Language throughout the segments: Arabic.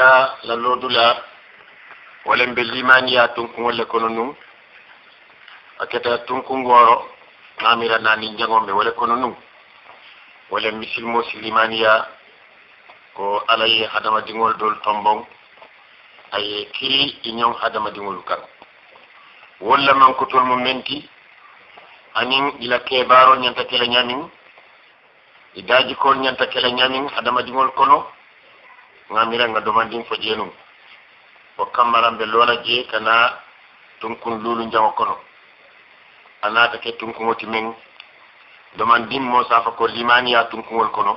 ta la lordula walen be limaniya tunkugolle kono nun aketa tunkungoro mamira nani jagonɓe wole kono nun walen misilmo si limaniya ko alaye hadamadigol dol tombon aye kiri iñon hadamadigolu kan wolla mankotol mu menti anin ila kebaro ñanta kele ñamin i daji kol ñanta kele ñamin hadamadigol kono ngamiranga domandin fo jeenum o kammaranɓe loona jee kana tunkun luulu njango kono a naata ke tunkuŋoti meŋ domandin mo safa ko limaniya tunkuŋol kono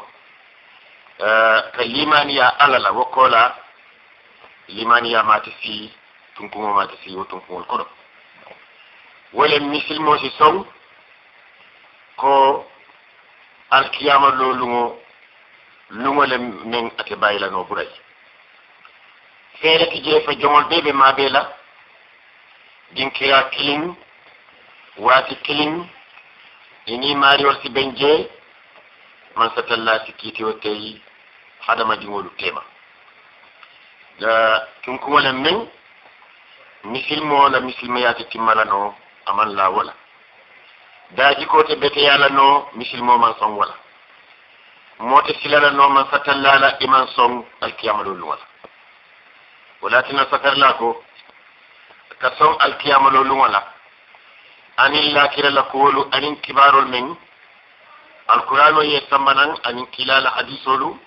eh, ka limaniya ala la wo koola limaniya maati sii tunkuŋo maati sii wo tunkuŋol kono wole misilmo si sow ko alkiyama looluŋo lumo le min ake bayilano buray feere ki jee fe jomol bee ɓe maa bee la ɗinkira kilin waati kilin ini maariwol si ɓen jee man so talla si kiitiwo tey hadama diŋolu tema tunkumolen min misilmo wala misilmayaate timmalano aman laa wala daaji ko te bete yaalano misilmo man son wala moti silala nooma fatallala iman soŋ alkiyamalolu wala walatina sakarla ko ka soŋ alkiyamalolu wala anin lakira la kuwolu anin kibarol meŋ alkurano ye sambanan anin kilala hadisolu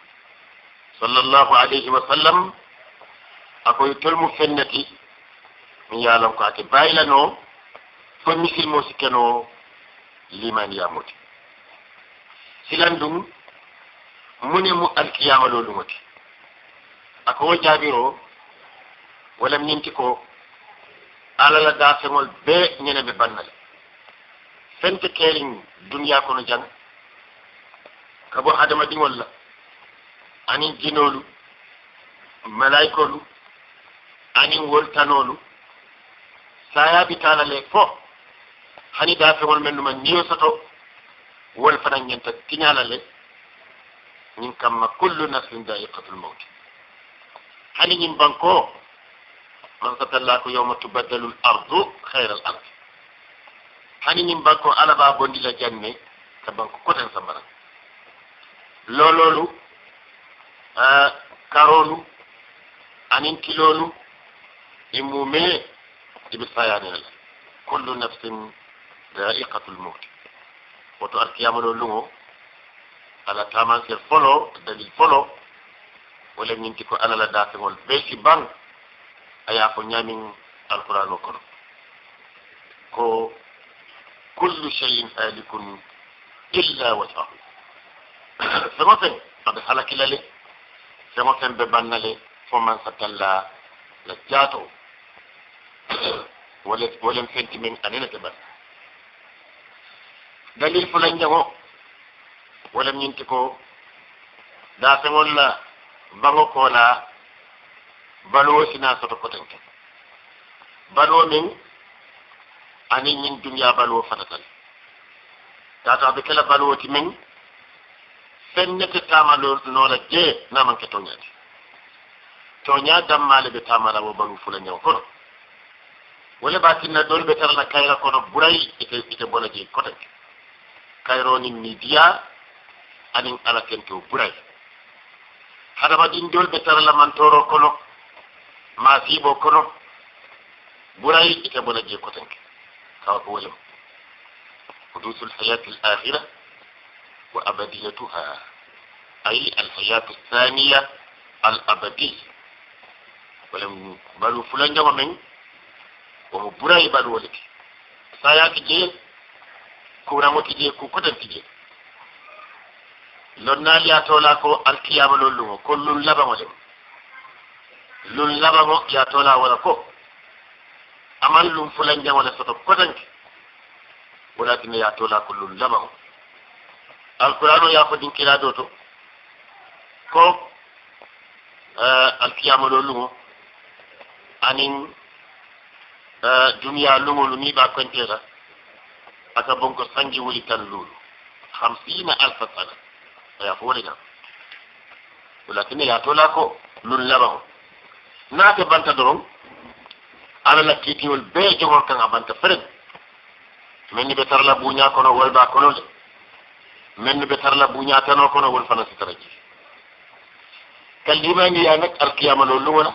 sallallahu alayhi wa sallam akoye tolmu fenneti mi yalon ko ake bayilano fo misilmo sikkeno limaniyamoti silan ɗum mu ne mu alkiyama loolu mati ako wo jaabiroo walam ñinti ko ala la daafeŋol bee ñene be banna le fente keeriŋ duniyaa kono jaŋ ka bo adama diŋol la aniŋ jinoolu malayikoolu aniŋ woltanoolu saayaa bitaala le fo hani daafeŋol mennuma niyo soto wol fanaŋ ñenta tiñaala le ñin kamma kullu nafsin da'iqatul mawt hani ñin banko man satallako yawma tubaddalu l ardu hayra l ardi hani ñin banko ala ba alaba bondila janne ta banko ko tan sama sambara lololu a karolu anin kilolu e mume eɓe sayanela kullu nafsin da'iqatul mawt woto arkiyamano lungo ala tamanke folo dalil folo wala ñinti ko ala la daafeŋol bee si baŋ a ye a fo ñaamiŋ alquran o kono ko kullu cheyin halikun illa wasahu feŋo feŋ a be halakila le feŋo feŋ be banna le fo maŋ sa talla la jaato wala walen fenti meŋ ane nete banna dalil fulanjaŋo wala ñinti ko da daataŋol la baŋo ko la baluwo sina soto koten ke baluwo meŋ aniŋ ñiŋ duniyaa baluwo fatatal taata a be ke la baluwo ti min feŋ ne tama lo no la je na man ke tonya tonya dam dammaa le be tama la wo baluu fula ñeŋo ko wala ba baa tinna doolu be tar la kayra ko no buray ite ite bola jee koten ke kayiroo ni niidiyaa anin ala kento buray hadamadin dol ɓe tara lamantoro kono masibo kono buray ita bona je kotanke kawa ko wolem حدوث الحياة الآخرة وأبديتها أي الحياة الثانية الأبدية ولم بلو فلان جوا من ومبرأي بلو ولك سايا كجي كورا مكجي كوكوتا كجي لنا لي اتولاكو القيام لولو كل لبمو جو لول لبمو يا تولا ولا كو امال لوم فلان جام ولا سوتو كوتانك ولكن يا تولا كل لبمو القران ياخذ انك لا دوتو كو ا لولو ان ان دنيا لومو لومي با كونتيرا اكا بونكو سانجي ولي تان لولو 50 الف سنه ayafoniga walakini yatola ko nun labaho naate banta doron ala la kiitiŋol bee jogol kaŋ a banta ferem men ni be tara la buuñaa kono wol baa kono le men ni be tara la buuñaa tanoo kono wol fana si tara je kallimaŋi ye a nek alkiyamalo luŋo la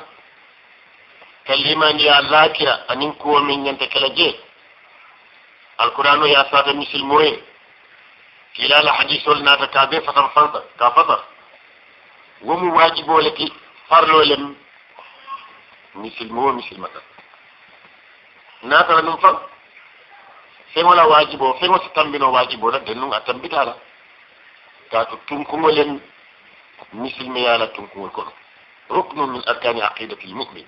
kallimaŋi ye a laakira aniŋ kuwo miŋ ñanta kela je alkurano ye a saata misilimo ye خلال حديث ولنا فتابع فتر فرض كفتر ومواجب ولك فرل ولم مثل مو مثل متى ناتر من فرض فيما لا واجب فيما ستم بنا واجب ولا دنو أتم بتالا كاتو تنكم ولن مثل ميالا تنكم الكرة ركن من أركان عقيدة المؤمن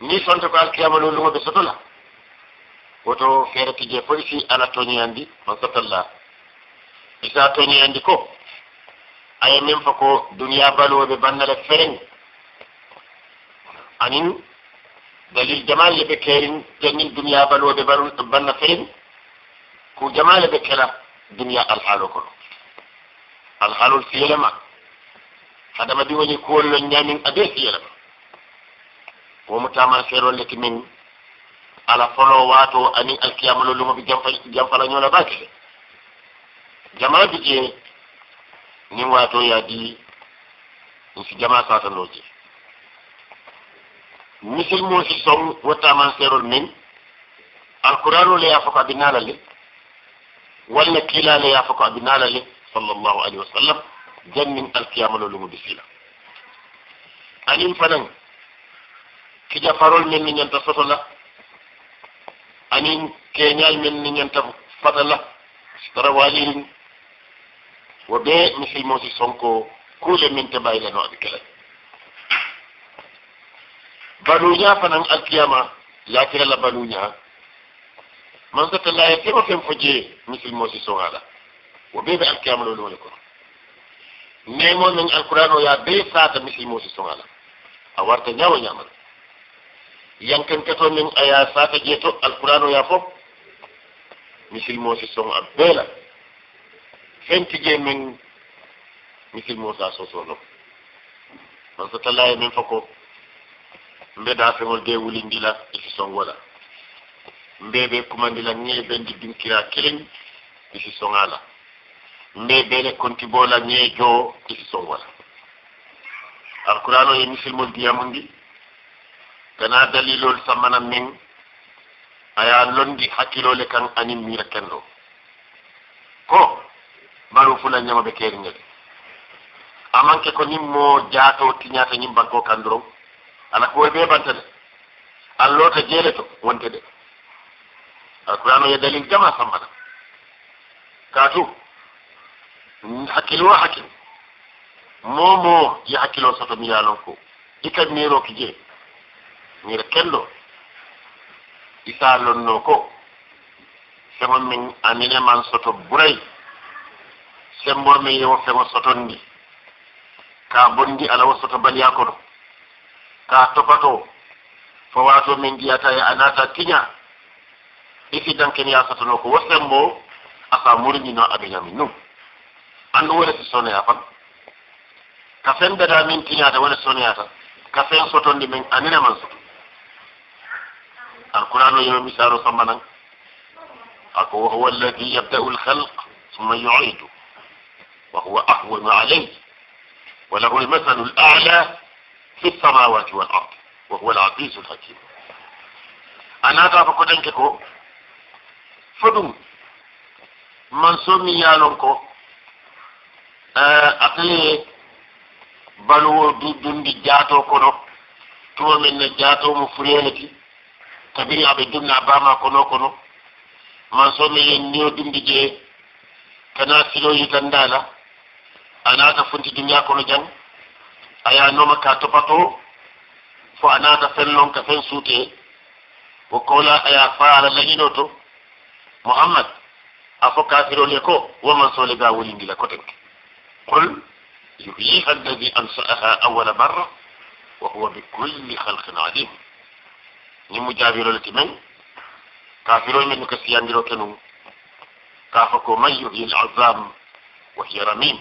ني سانتو كال كيامالو لومو بسطولا woto feere tije foy si ala toñoyandi man sotallah isa toñoyandi ko aye min fo ko duniya baluwoɓe bannala fereŋ anin dalil jamale ɓe keerin tenin duniya baluwoɓe banna fereŋ ko jamale ɓe kela duniya alhaalo kono alhaalol siyelema hadama di woni kuwol lon ñamin abe siyelema womo tama feerol leki ala folo wato ani alkiyama lolu mo bi jamfala ñola bake jama bi je ni wato ya di nsi jama satano je misil mo si som wattaman serol min alquranu le yafo ko abinala le walla kiila le yafo ko abinala le sallallahu alayhi wa sallam jannin alkiyama lolu mo bi sila anin fanan kija farol min ni ñanta soto la anin keñal men ni ñanta fatala tara walirin wo ɓe mi silmosi sonko kuule min te mbayleno aɓe kelay banuña fanan alkiyama latirala banuña man sottalaye fema fen fo jee misilmosi son aɗa wo ɓe ɓe alkiyama ɗo ɗole kono nemon men alqouran o ya be sata misilmosi son aɗa a warta ñawo ñamana yankanketo min aya saka jeeto alqur'an ya fof misilmo si son a beela fentije min misilmo sa sosono on so tallaye min foko mbeɗa feŋol de wulindila isi son wala mbeɓe kumandila ñee ɓendi dinkira kiliŋ isi son ala mbeɓene kontibola ñee joo isi son wala alqur'an o ye misilmol diyamundi kana dalilol samana min aya londi hakkilole kan anin mira kenɗo ko mbaɗo fula ñamaɓe keriŋel amanke ko nin mo jaato tiñata ñin banko kandurow ala ko ɓe bantade allota jeele to wonte ɗe alkurano ye dalil jama sammana kaatu hakkilo hakkil momo ye hakkilo soto miyalon ko ikan miroki jee ñir kello isa lonnoko ko min meŋ anine soto buray sembor meŋ yewo feŋo sotondi ka bondi ala wo soto baliya ka topato fo min meŋ diyata ye a naata tiña isi dankeniya sotono ko wo sembo asa muriñino aɓe ñami num anndu wone si sonoya fan ka feŋ beda min tiñata wone sonoyata ka feŋ sotondi meŋ anine man soto القرآن يوم مثال صمنا أكو وهو الذي يبدأ الخلق ثم يعيده وهو أهون عليه وله المثل الأعلى في السماوات والأرض وهو العزيز الحكيم أنا أتعرف كدنككو فدو من سمي يالونكو أقلي بلو دندي جاتو كنو تو من جاتو مفرينتي kabiri aɓe dumna bama kono kono so mi yen niyo dumdi je kana silo ana ta funti duniya kono jang aya no noma ka topato fo ana ta fen non ka fen suute wo kola aya faala laino to muhammad afo le ko man so le ga ngila wolindila kotenke qul yuhyiha alladi ansaha awwal marra wa huwa bikulli halqin alim ñiŋ mu jaabiroo le ti meŋ kafiroo meŋ nu ka siyandiroo ke nuŋ ko man yuhyi lazam wa hiya ramim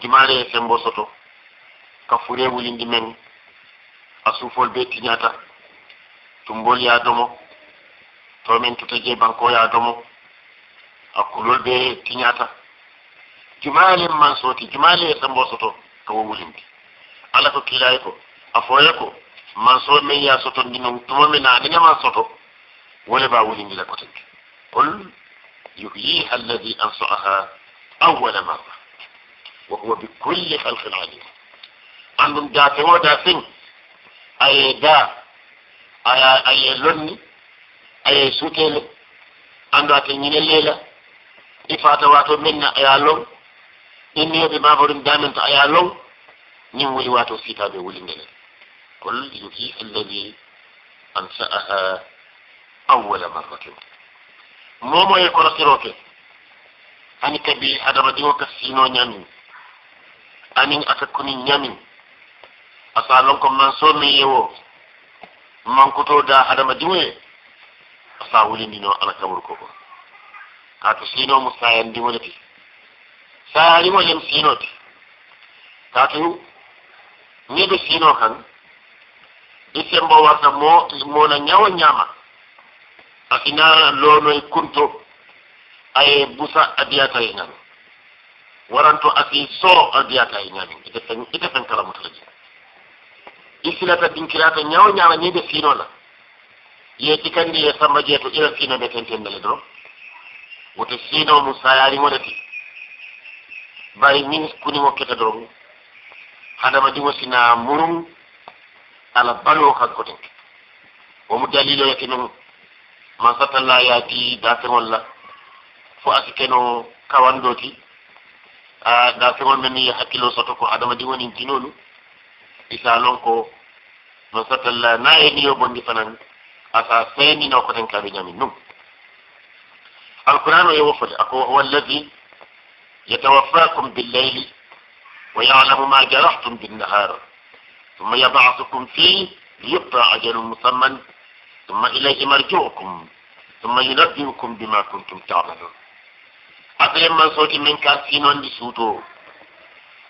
dimaale ye sembo soto ka furee wulindi men a suufol bee tiñaata tumbol ya domo to men tuta jee bankoo ye domo a kulol bee tiñaata jumaale man sooti jumaale ye sembo soto ka wo wulindi ala ko kilay ko a fooye ko manso min ya sotondi num tuma min naani ñama soto wole ba wulindila kotenke qul yuhyiha alladi ansaaha awala marra wa huwa bikulli halqin alim an ɗum daafewo da fin aye da aya aye lonni aye sutele anndu ate ñine leela i fata wato minna aya long inniyoɓe mabaɗum damen to aya long ñin woli wato fiitaɓe wulindelen الكل يجيء الذي أنشأها أول مرة مومو يكون كيروكي أني كبي هذا رجل كسينو نيامي أني أتكوني نيامي أسألونكم من سومي يو من كتو دا هذا مجموعي أسأولين دينو أنا كبركوكو كاتو سينو مستعين ديمو لكي سالي مو يم سينو تي كاتو نيبي سينو كان ikembo warta mo mona nyawa ñama akina lonoy kunto aye busa adiyata e ñami waranto ati so adiyata e ñami ite fen ite fen kala mutala jina isilata dinkirata nyama ni de fino la ye tikandi ye samba jeeto ila fino ɓe tentendale do woto sino mum sayarimoɗe ti bari min mo kete dorum hadama ɗimo sina murum ala baluwo kan koten wo mu daliloyo ke noon man satalla yaati dafeŋol la fo asi keno kawando ti a dafeŋol men ye hakkilo soto ko adamadiŋo nin tinolu isa lon ko man satalla na ye niyo bondi fanaŋ asa seynino koten kaɓe ñamin num alqur'anu yewo fode ako huwa alladi yatawaffakum billeyli wa yalamu ma jarahtum binnahar summa yabaatukum fii liyubta ajalum musamman summa ilayhi marjiukum summa yunabbiukum bima kuntum taamalun aɓeleman soodi men ka siinonndi suuto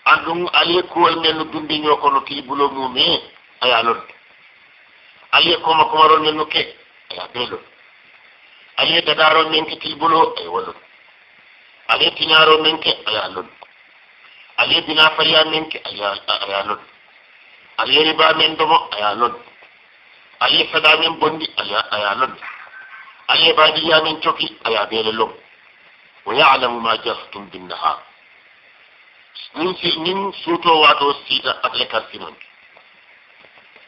an ɗum aliye kuwol men no dumbiño ko no kilibulo mume aya lon aliye koma komarol men nokke aya beelon aliye dadaro men ke kilibulo aya wallon aliye tiñaro men ke aya lon aliye bina faliya men ke aya lon ala riba min domo aya lod ala fada min bondi aya aya lod ala badi ya min choki aya bele lom wa ya'lamu ma jahtum bin nahar nin si nin suto wato sita atle karsinon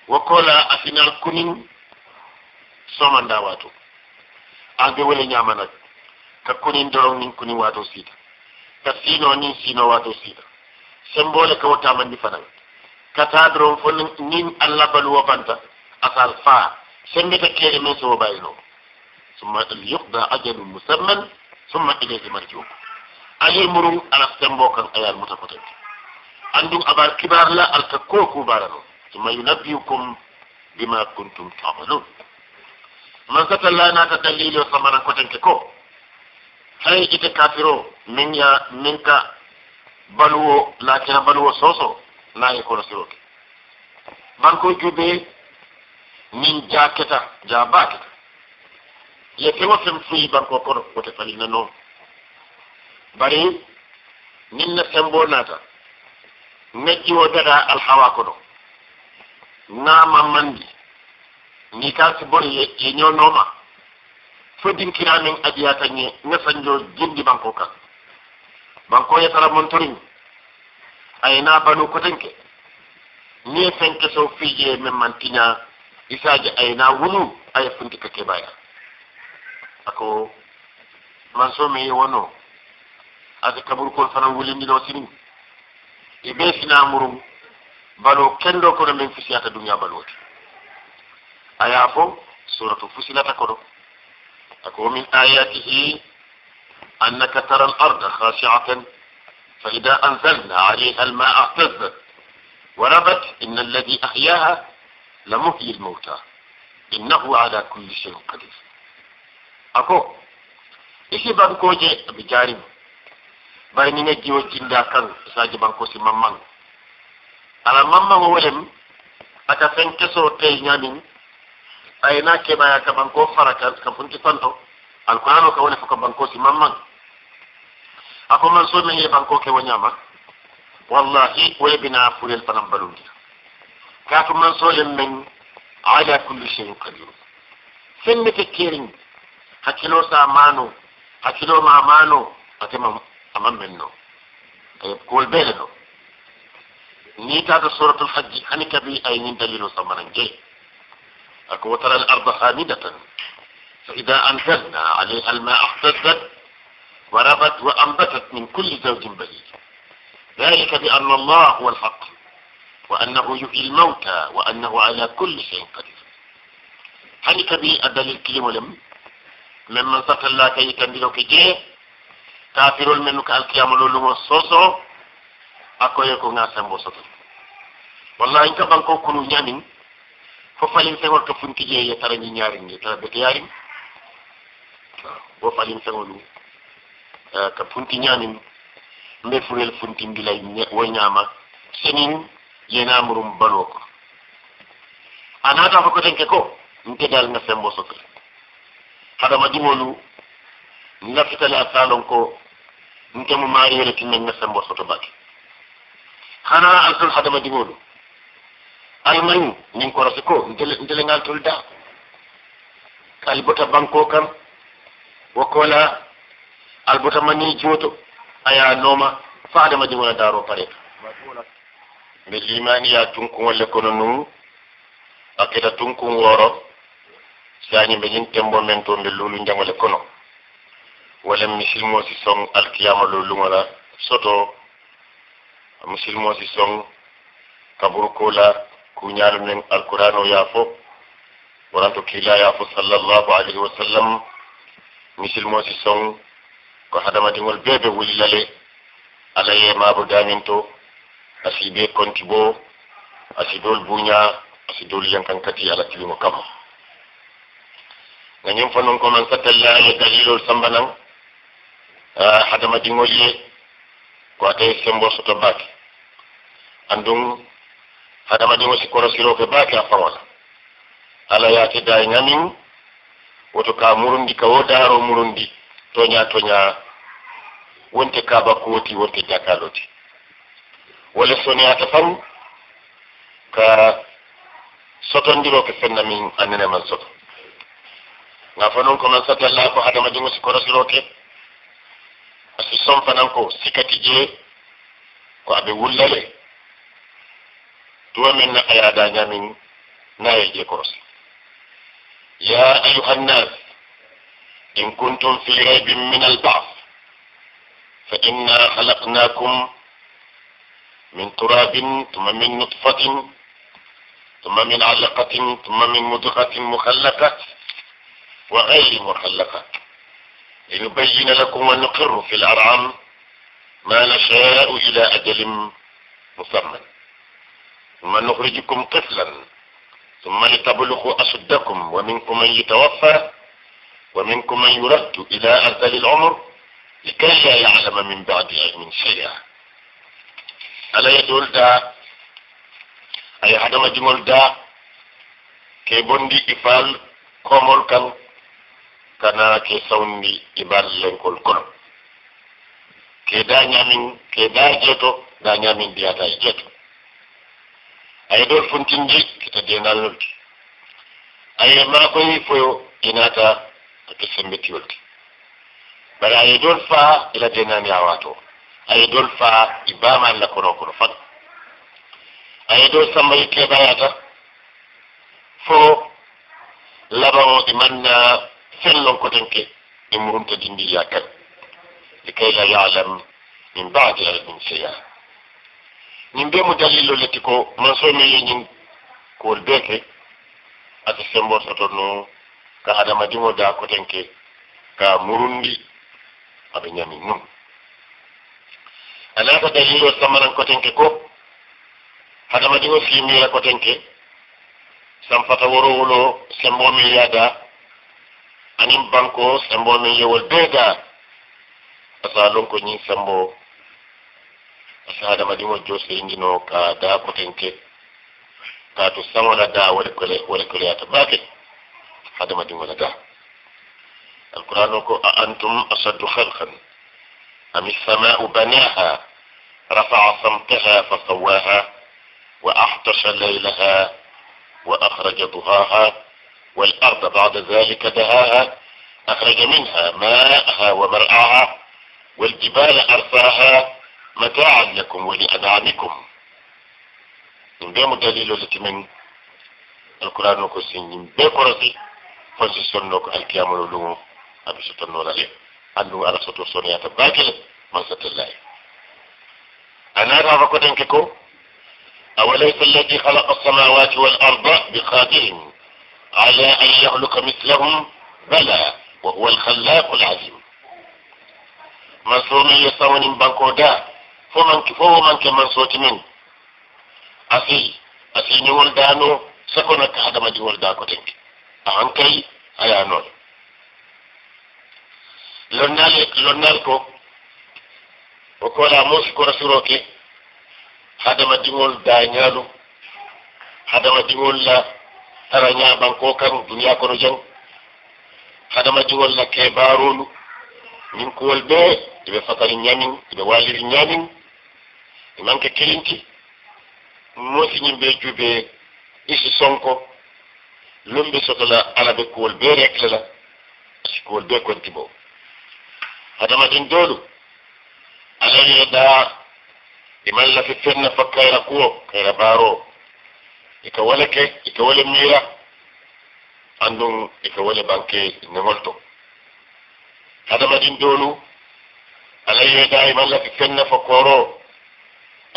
wa kola asinal kunin somanda wato abe wala nyamana ka kunin dorong nin kunin wato sita ka sino nin sino wato sita sembole ka wata mandi fananga kata doron fo nin allah baluwo banta asal fa sembita keere men sowo bayino summa yukda ajalum musamman summa ilayhi marjiukum ali murum ala sembo kan ayal muta fotanti andum abar kibar la alka ko kubara no summa yunabbiukum bima kuntum tamalun man satalla nata dalilo samana kotanke ko hay ite kafiro min ya min ka baluwo lakira baluwo soso naa ngi kono siroke banko juɓe min jaketa ja baketa ye fewo fen fuyi banko kono wote falinna noon bari nin na sembo naata nejji o dada alhawa kono nama mandi ni kasi bon ye ñonoma fodinkiramin adiyata ñe nesanjo jindi banko kan banko yetara montoriŋ na banu kotenke ni fenke so fije isa mantiña isaji na wulu aya funtika baya ako man so mi wono ade kaburukol fana wulindiɗo sinin e na muru balo kendo kono min fisiyata duniya baloti aya fo suratu fusilata kodo ako min ayatihi annaka tara al arda khashiatan فإذا أنزلنا عليها الماء اهتزت وربت إن الذي أحياها لمحيي الموتى إنه على كل شيء قدير أكو إيش بانكو جي بجارب بين نجي وجندا كان ساجي بانكو سي ممان على ممان ولم أتا فين كسو تي نامين أي ناكي بايا كبانكو فرقا كفنكي فانتو القرآن كونه فكبانكو سي ممان ako man so men yeban ko ke wanyama wallahi way bina fulel fanam balundi ka ko man so len men ala kulli shay'in qadir sinni ke kirin hakilo sa mano hakilo ma mano atema amam menno ay kol belno ni ta da suratul hajj hanika bi aynin dalilu samanan je ako tara al arda hamidatan fa idha anzalna 'alayha al-ma'a ihtazzat وربت وأنبتت من كل زوج بديل ذلك بأن الله هو الحق وأنه يؤي الموتى وأنه على كل شيء قدير حلك بي أدل الكلم لم من منصف الله كي يتنبيه كجي كافر المنك الكيام للم الصوصو أكو يكو ناسا بوسطل والله إنك بانكو كنو نامن ففلن سيور كفن كجي يترني نارن يترى بكيارن وفلن سيور ka funti ñamin mbe furel funtindilay wo ñama senin yenamurum baloo ko a naata fo kotenke ko nte dal nga sembo soto hadama dimolu lafitale a salon ko nte mu maariyele tinna nga sembo soto bake hana altol hadama dimolu almañu nin korose ko ntele ngal tol da kalibota banko kam wo kola albota mani jooto aya nooma faadama di wona daaro pareta nde limani ya tunkugolle kono num a keta tunkun wooro saani mbe ñin tembo men to nde luulu njangole kono walla musilme si son alkiyama lolungola soto musilme si son kaburkola kuñalu men alqurano ya fo woranto kiila ya fo sallllahu alayhi wa sallam musilme si son ko hadamadiŋol bee be wulila le ala ye maabo daanin to asi be konti bo asi dool buuña asi dool yankan kati ala tilimo kama nga ñiŋ fo nuŋ komaŋ satalla ye dalilol samba naŋ hadamadiŋol ye ko ate sembo soto baake anduŋ hadamadiŋo si korosiroo ke baake a faŋo la ala ye ate daa ŋaniŋ woto ka murundi ka wo daaro murundi toña toña wonte kaba koti wonte jakaloti wala soniyata fam ka sotondiro ke fenna min annene man soto nga fa noon ko man satalla ko adama jongo si korosiroke asi sonfanan ko sikati jee ko aɓe wullale duwamen na ayada ñamin naye je korosi ya ayuhannas إن كنتم في ريب من البعث فإنا خلقناكم من تراب ثم من نطفة ثم من علقة ثم من مضغة مخلقة وغير مخلقة لنبين لكم ونقر في الأرعام ما نشاء إلى أجل مسمى ثم نخرجكم طفلا ثم لتبلغوا أشدكم ومنكم من يتوفى ومنكم من يرد إلى أرذل العمر لكي لا يعلم من بعد علم شيئا ألا يدول دا أي حدا ما جمول دا كي بندي إفال كومول كان كان كي سوني إبال لنكول كل كي دا نعمين كي دا جيتو دا نعمين دي هذا جيتو أي دول فنتين فنتنجي كتا دينال نلتي أي ما كوي فيو إناتا akisembeti oti bari a ye dol fa ila jenani awato a ye dol fa i bama alla kono kono fat a ye dol sambayi keɓayata fo labao imanna fellon kotenke e murumta dindiriya kan likay la yalam min badi ilmin seya min be mo dalillo ko man somi yeñin kowol beke ata sembo soto ka adama dimo da kotenke ka murundi aɓe ñami nun ala ko dalilo samaran kotenke ko adama dimo simira kotenke sampata worowolo sembomin yada anin banko sembomin yewol deda asa lon ko ñin sembo asa adama dimo joseyndino ka da kotenke ka to samola da wolekole wolekoleyata bake hadama din wala da alquran ko a antum ashaddu khalqan am as-samaa'u banaaha rafa'a samtaha fa sawwaha wa ahtasha laylaha wa akhraja duhaha wal arda ba'da dhalika dahaha أخرج منها ماءها ومرعاها والجبال أرساها متاعا لكم ولأنعامكم إن بيمو دليل التي من القرآن وكسين إن بيكو رسي le andu ala ko أوليس الذي خلق السماوات والأرض بقادر على أن يخلق مثلهم بلى وهو الخلاق العليم مسؤول يسون بانكودا فمن كفو من كمن صوت من أسي أسي نيول دانو هذا ما نيول داكو an kai aya non lonnal lonnal ko o kola mosi kora siroke hadama diŋol dañalu hadama diŋol la tara ñabanko kan duniya kono jang hadama diŋol la kebarolu ñin kuwol be iɓe fatari ñamin iɓe waliri ñamin imanke kelinti mosi ñin be juube isi sonko min be sotola ala be kuwol bee rekle la kuwol bee konti bo hadamaden doolu ala ye daa iman lafi fenna fa kayra kuwo kayra baaro i ka wale ke i ka wale miira andun i ka wale banke neŋol to hadamaden doolu ala ye daa iman lafi fenna fa kooro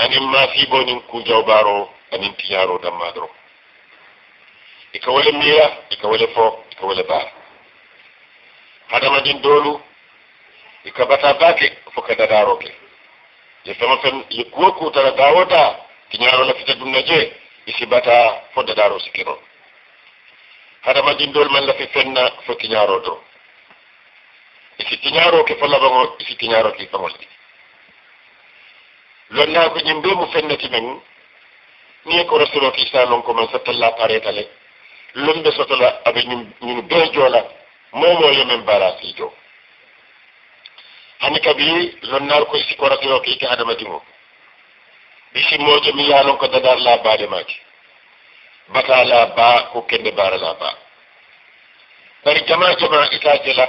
anin maafiibo nin kunjaw baaro anin tiñaaro dammaa doroŋ ikawale miira ikawale fo ikawale baa hadamadin doolu ikabata baake bata ka dadaaro ke ye fema fen ye kuwo kuutara daawo daa tiñaaro la fita dunna jee isi bata fo dadaaro sikino hadamadin doolu man lafi fenna fo tiñaaro do isi kinyaro ke fo labaŋo isi kinyaro ke faŋol di lonnaa ko ñiŋ bee mu fennati meŋ niŋ ye ko rasulo ki isaa lon ko man sa talla pareeta le lon be sotola aɓe ñin bee joola momo yemen bara fiijo hani kabi lonnar koye sikoratiro ke ite adamadiŋo bisimmoje mi yanon ko dadar la baademaake bata la baa ko kende baara la baa bari jama jama itaaje la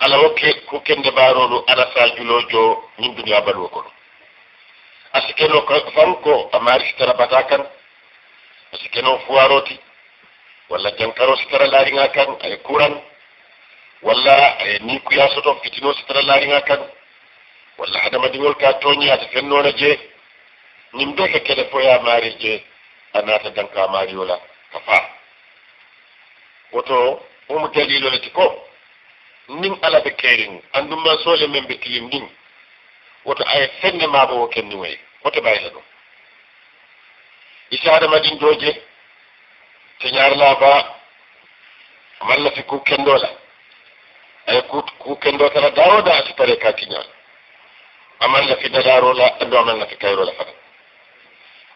ala wo ke ko kende baarolu ala saajuloo jo ñin duniya baluwo kono asi keno fan ko amaari sitara bata kan asi keno fuwaroti walla jankaro sitara laariŋa kaŋ a ye kuraŋ walla a ye ninkuya soto fitinoo sitara laariŋa kaŋ walla hadamadiŋol ka tooñi ate feŋ noona je ñiŋ bee ka kele fo ye a maari jee a naata danka maario la ka faa woto wo mu dalilo le ti ko niŋ ala be keeriŋ anduŋ mansoo le meŋ be tiliŋ diŋ woto a ye feŋ ne maabo wo kenniŋo ye te baayi la ɗum isi hadamadiŋ doo je. tiñar laba walla fi ku kendola ay ku kendo tala daro da ati pare ka tiñal amal la fi dadaro la ando amal la fi kayro la fana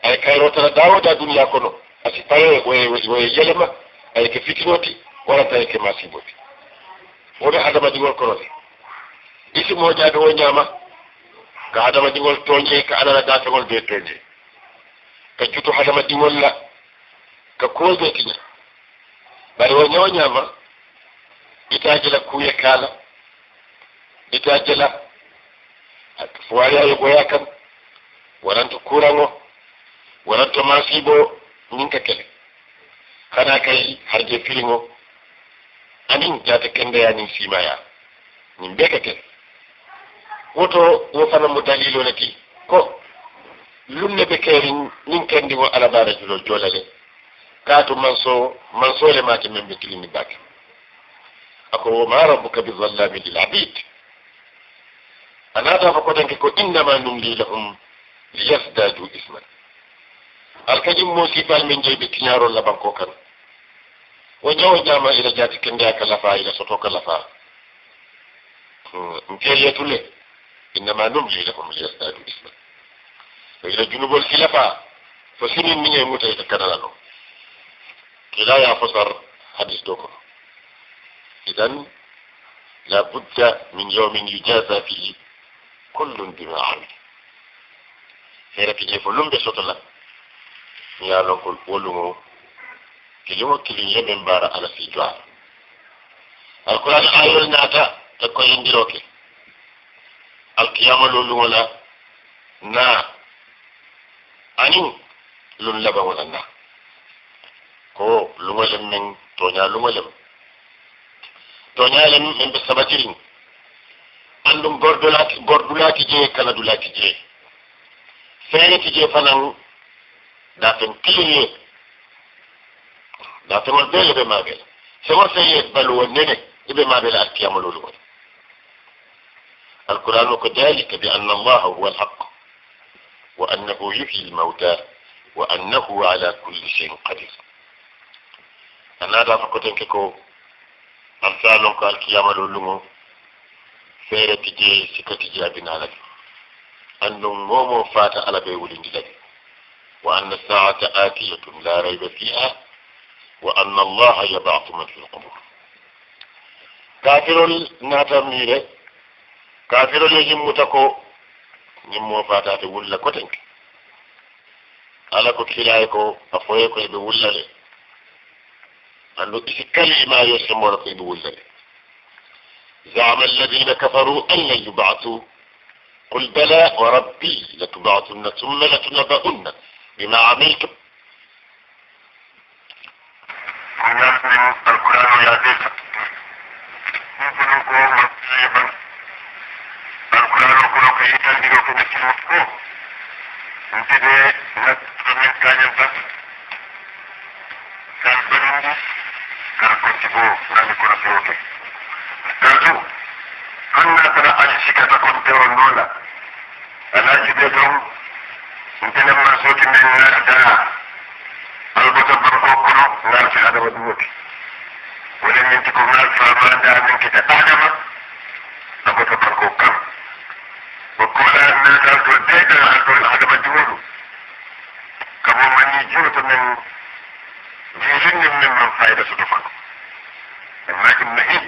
ay kayro tala daro da duniya kono ati pare waye yelema ay ke fitinoti waranta ay ke masiboti woɓe adama ɗigol konole isi moƴade o ñama ka adama ɗigol toñe ka anana gafegol be toñe ka juto adama ɗigol la kakoozo ekinya bari wonyawonyama itajela kuya kala itajela fuwariyayo goya kam waranto kuraŋo waranto masibo nin ka kele kana kay harje filingo anin jata kendeya nin simaya nin be ka kele woto wo fana mo dalilo ti ko lunne be keerin nin kendiŋo alabarajulol jola jolale kaatu manso mansole maate men ɓe kilini bake ako woma rabbuka bi zallamin lil abid a naatafa kotanke ko innama numli lahum liyasdadu isman alkañum mo sifal min jeyi ɓe kiñarol labanko kan o jawo ñama ila jaati kendeyaka lafa ila sotoka lafa hmm, nkeyetule innama numli lahum liyasdadu isman ila junubol silafa fo sinin miñe mutayta kanala ɗon لا ينفصر حديث دوكر إذن لابد من يوم يجازى فيه كل بما عمل هيرا في جيف ولم بسوط الله يالو كل ولمو كلمو كلمو يبن بارا على سيجوا القرآن آيول ناتا تكو يندروك القيامة لولو نا أنيو لن لبا ولا نا ko luma lem nañ toña luma lem toña lem en ɓe sabatirin andum gordulaki ci je kala ci je fere ci je fanan dafen kiliye dafeŋol bele ɓe maɓel feŋol fe ye baluwo nene iɓe maɓel alkiyamololu woni القرآن كذلك بأن الله هو الحق وأنه يحيي الموتى وأنه على كل شيء قدير annata fo kotenke ko alsalon ko alkiyamaɗo lumo feere tije sika tije abinalake anndum momo fata ala ɓe wulindilake wa anna saata atiyatun la rayba fiha wa anna allaha yabatu man fi lqubur kafirol natamire kafirol yo himmuta ko ñimmo fatate wulla kotenke ala ko kilaye ko a foye ko eɓe wulla le لأنه دي كلمة يسمى رفين وزني زعم الذين كفروا أن لن يبعثوا قل بلى وربي لتبعثن ثم لتنبؤن بما عملتم ونسلم القرآن يعزيز نسلوكو مسيبا القرآن كنو كيتا جنوكو مسلوكو انتدي نسلوكو ndola alaji de don ntele ma soti men narda albata barko kono ngarti adama duwoti wala min tiko ngal fama da min kita adama albata barko kam wa kula na dal to de da dal adama duwolu kamo mani jiwto men jijinni min man fayda soto fako lakin mahid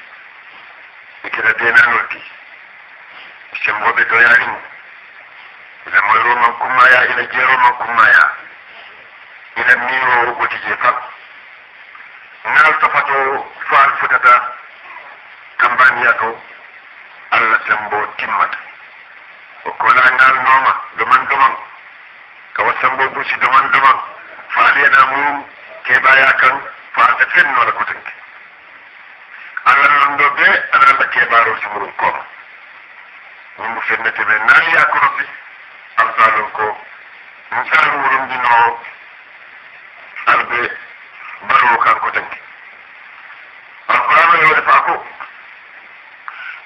kira dena nolti semboɓe doyanin ila moyro man kummaya ila jeero man kummaya ila miro woti je fam ngal tofato faal futata tambaniya to allah sembo timmata o kola ngal nooma doman doman kawa sembo busi doman doman faaliyana mum keɓaya kan faalta fennola kotanke allahnɗo ɓe aɗa annda keɓaro sumurum kono min mo fennete ɓe naali yakoro bi alfalon ko min saaru wurumdinoo alɓe baroo kanko tanki alqur'ana e waɗi faa ko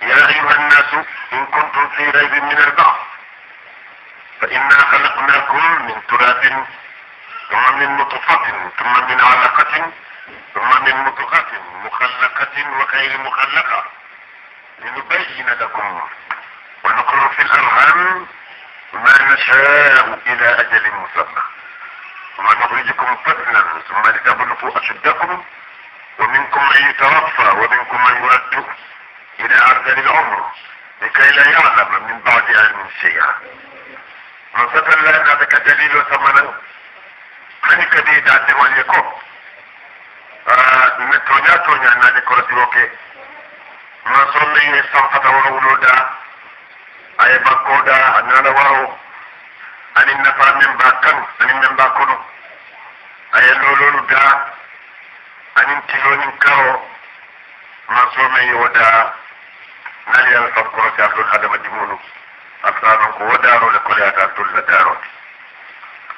ya ayuha nnasu in kuntum fi raybin min albath fa inna khalaqnakum min turabin ثم من نطفة ثم من علقة ثم من مطلقة مخلقة وغير مخلقة لنبين لكم ونقر في الأرهام ما نشاء إلى أجل مسمى ثم نخرجكم فتنا ثم لتبلغوا أشدكم ومنكم من يتوفى ومنكم من يرد إلى أرذل العمر لكي لا يعلم من بعد علم شيئا من فتن لا هذا كدليل وثمنه من كديد عن وليكم ne ah, toña toña naade koratiwo ke ma solle ye sampata woro wulo da aye bakko da a nana waro anin nafa men ba kan anin men ba kono aye lololu da anin tilonin karo ma somme yo da nali yala sab koroti a tol hadama dimolu afta non ko wo darole koleyata tolla daroti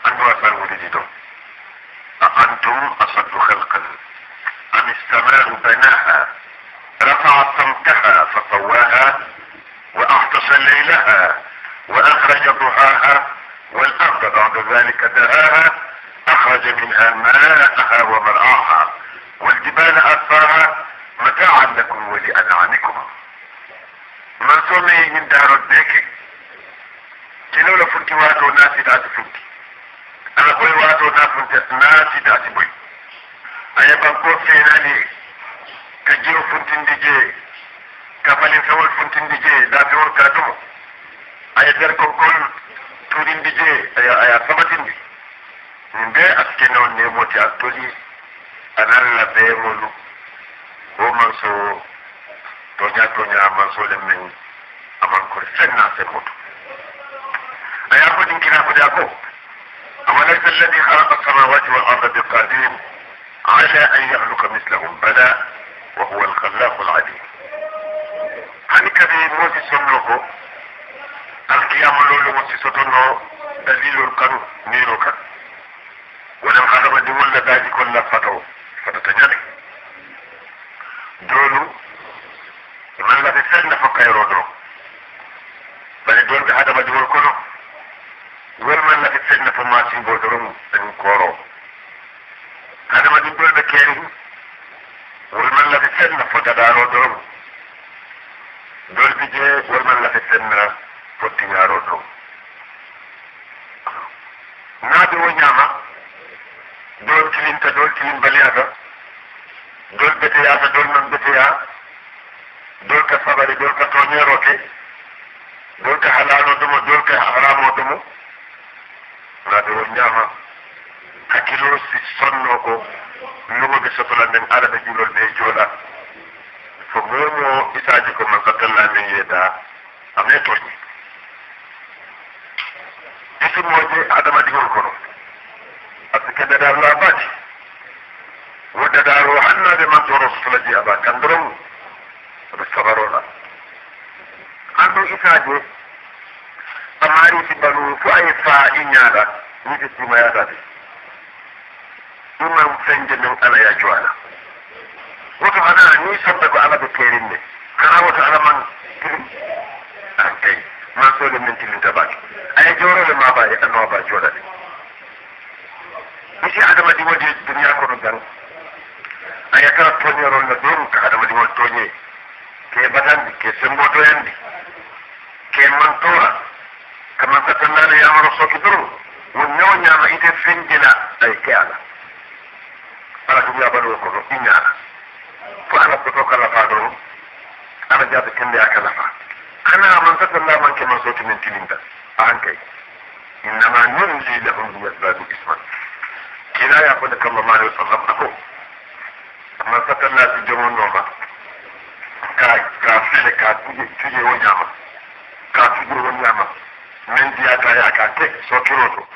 anduwa san wudidi to a antum asadu أم السماء بناها رفع صمتها فقواها وأعطش ليلها وأخرج ضحاها والأرض بعد ذلك دهاها أخرج منها ماءها ومرعاها والجبال اثرها متاعا لكم ولأنعامكم من صومه من دار الديك كنولا فركي واتو ناسي داتي فركي أنا قوي واتو ناسي داتي بوي ba ko ne ka jiro kuntin je ka kuntin dije funtindi je lafewol ka ɗum aya nder konkol tuɗindi je aya sabatindi nde askene on nemoti a toli analla beemolu o manso toña toña mansole men amankore fenna semmoto aya ko ɗinkina ko de a ko awalaysa alladi halaka samawati wal arda biqadir عسى ان يخلق مثلهم بلى وهو الخلاق العليم حنك دي موسي سنوكو القيام لو لموسي ستنو دليل القانون نيروكا ولم خلق دول لبادي كل فتو فتو دولو من الذي سنة فقيرو دولو بل دول بحدما دول كله ومن الذي سنة فما سنبو درم انكورو hadama ɗum ɗon ɓe keeri fu wolman lafi senna fotadaaro ɗoom dolbi je wolman lafi senna fottiñaaro ɗoom naaɓe wo ñaama dol kilinta dol kilimbaliyata dol ɓeteyaata dol non ɓeteyaa dol ka sabari dol ka toñeeroke dol ka halaano ɗumo dol ka haramo ɗumo naaɓe wo ñaama hakkiloo si sonnoo ko lugo ɓe sohlanden ala ɓe julol ɓe jooɗa ko momo isaaji ko man sakkalla min yeyda ame toñi isimoje adama ɗigol kono par ce que dadar laabaaji wo dadaro hannade man toro sohlaji aɓa kan doron aɓe sabarona an ɗo isaaje amari si banu fo aye faa i ñaaɗa ni ɓe simayaɗade sunan sanjamin ala ya juwana wata hada ni da ko ala da terin ne kana wata ala man an kai ma so da min tilin tabaki ay joro da ma ba ya anwa ba joda ne isi adama di wadi duniya ko gan ayata tonye ron na don ka adama di wadi tonye ke batandi ke sembo to yandi ke mantora kamar ka ne da mara soki duru mun yawan yama ita fenjina ay kiyala ala duniya baɗo koto iñaata fo ala koto ka lafaa ɗo ala jaata kende aka lafa hana man satalla manke man soti min tilinta an kay innama nunzi lahum liyazdadu isman kila ya fode sallallahu alaihi wasallam ako man satalla si jomon noma ka ka fele ka tuje tuje wo ñama ka tuje wo ñama men diyata ya ka te sotiroto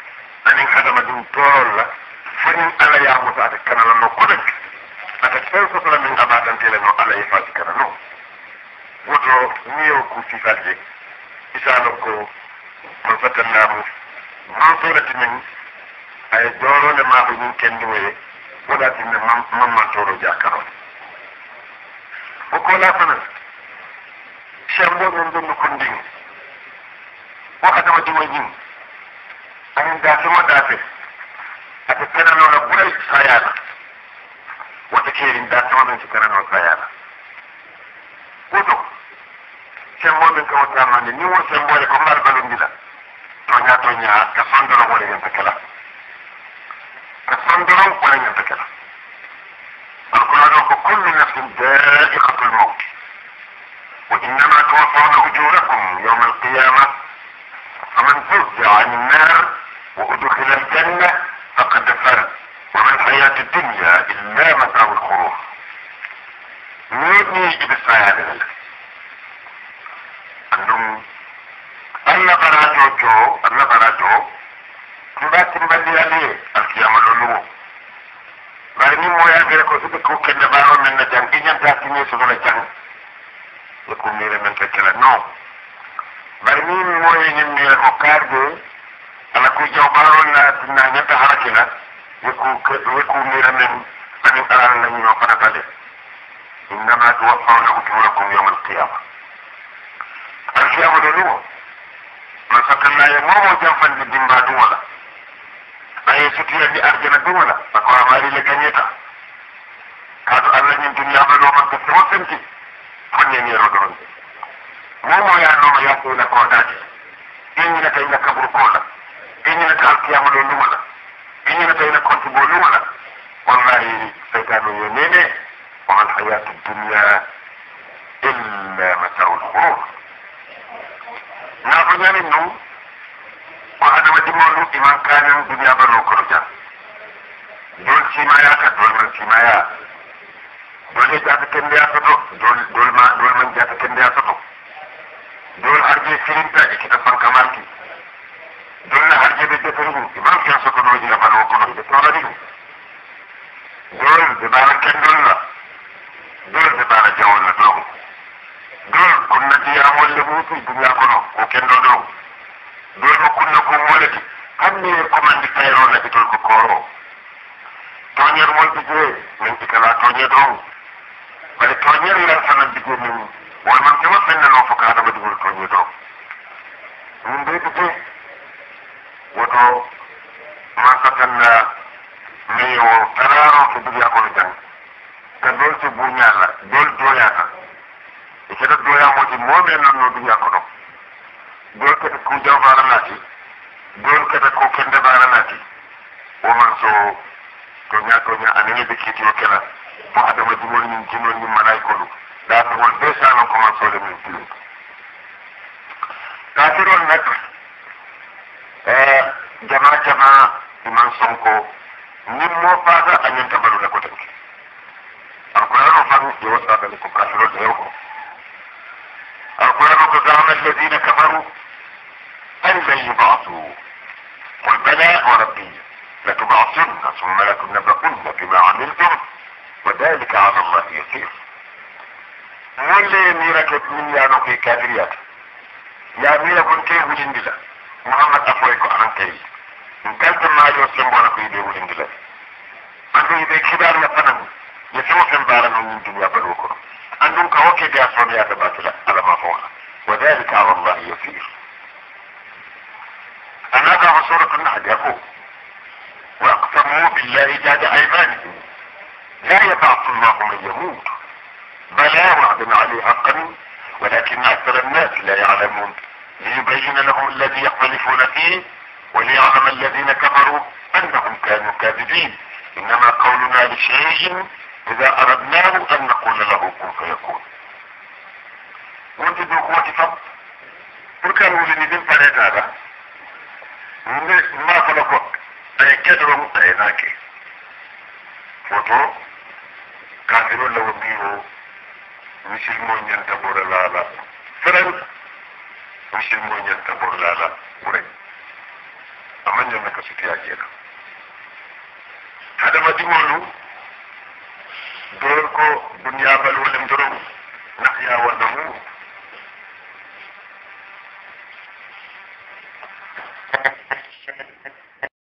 anin hadama ɗum toorolla fanin ala ya mutu ata kanala no kodak ata ten sotola min abatantele no ala ye fati kana no woto ni yo ku fifatje isano ko on fattannamu mansorati min aye jorone maako ñin kendiwoye toro mammantoro jakkarol o kola fana semboɗon donno kondin o adama juma jin anin da soma dafe ate kenano na bula sayana wata kerin da ta wannan kenano sayana kuto sen mo min kawo tan nan ni won sen boye ko mar balum dila tonya tonya ka sondoro wala yanta kala ka sondoro wala yanta kala alquran ko kullu nafsin da'iqatul maut wa innama tuwaffawna ujurakum yawm alqiyamah faman tuzja 'anil nar wa udkhila al-jannah حياة الدنيا إلا متاع الغرور مين يجي بالسعادة أنهم ألا قراتو جو ألا قراتو تبات مبالي عليه القيامة لنمو بارني مويا بيركو سبكو كنبارو من نجان جنجان تاكيني سبرا جان يكون ميرا من تكلا نو بارني مويا نمي لكو كاردو ألا كو جوبارو نا تنا نتا حركنا يكون من بني أران لم يوفر عليه إنما توفون أجوركم يوم القيامة القيامة دلوه من سكن لا يموم جنفا للدنبا دولا أي ستيا لأرجن دولا فقال مالي لكنيتا كادو أرن من دنيا بلو من كسر وسنتي من ينيرو دون مومو يا نوم يأكل لكوتاتي إني لك إلا كبر كولا إني لك القيامة دلوه هنا بين كنتمولونا والله سيدان يمينه وما الحياة الدنيا إلا متاع الغرور ناخذ منه وهذا مجمول إمام كان الدنيا بنو كرجا دول فيما يأتى دول من فيما يأتى دول إجابة كم بيأتدو دول, دول, ما دول من جاتة كم بيأتدو دول أرجي سيرين تأكيد فان كمالكي dole har jabe da turgun ki ba ki saka no ila balo kono da sabari dole da bara kan dole dole da bara jawon na dole dole kunna ti ya mo le mutu dunya kono ko ken do do dole ko kunna ko mo le hanne ko mandi kayro na bitol ko koro toñer mo bije min ti kala toñer do bare toñer la fana bije min wal man ko fenna no fo ka da bije toñer do min be bije woto mansatanda miyo tararo to dugi akono jang ka dolti buñala dol doyata e keta doyamoti moɓe nanno dugi akono dol keta kujaw baranati dol keta ko kende baranati woman so toña toña anene ɓe kiitiyo kela mo adama jumol min jinol min manay kolu ɗatogol be sanon commencole min pilin kafirol nak jama jama iman sonko ni mo faga anyan tabaru da kotan ki alquran fan yo sada ko kafiro da yau alquran ko ga amma alladhina kafaru an la yub'athu qul bala wa rabbi لتبعثن ثم لتنبؤن بما عملتم وذلك على الله يسير من لي ميرك من يانوكي كادريات يا ميرك كيف جندلا muhammad afoy ko an kay nkalta maajo sembona ko yiɗe wuri ngila andu yiɓe kibar na fanan ye fimo fen mbarano min duniya baɗo kono andum ka hokke de a sono yaade batila alama fowla wa dalika ala llah yasir anaka ko suratu nahdi a ko wa aqsamu billahi jade aymanihim la yabatu llahu man yamut بلى وعدا عليه حقا ولكن اكثر الناس لا يعلمون ليبين لهم الذي يختلفون فيه وليعلم الذين كفروا انهم كانوا كاذبين انما قولنا لشيء اذا اردناه ان نقول له كن فيكون وانت دو قوتي فم بركان ولي ني ما خلقوا اي كدر اي فوتو كافرون لو بيو مش المونيان تبور لا لا فرنسا fashin mo ñanta a ɓure amma ñanna ka sutiya keena hadama ɗiŋolu dorol ko duniya balolem dorom mu.